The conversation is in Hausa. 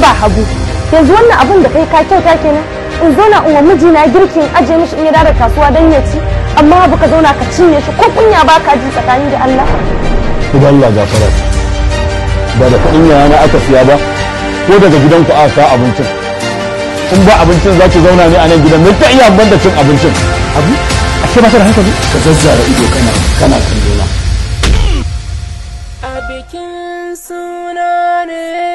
ba hagu yanzu wannan abin da kai ka kyauta kenan in zauna in wa mijina girkin ajiye mishi in ya dara kasuwa don ya ci amma ba ka zauna ka cinye shi ko kunya ba ka ji tsakani da Allah. Idan Allah gafara ba da kuɗin yana aka siya ba ko daga gidanku aka ka abincin in ba abincin za ki zauna ne a nan gidan mai ta iya ban da cin abincin. Abu a ce ba ta da hankali ka zazzara ido kana kana kallona. A bikin suna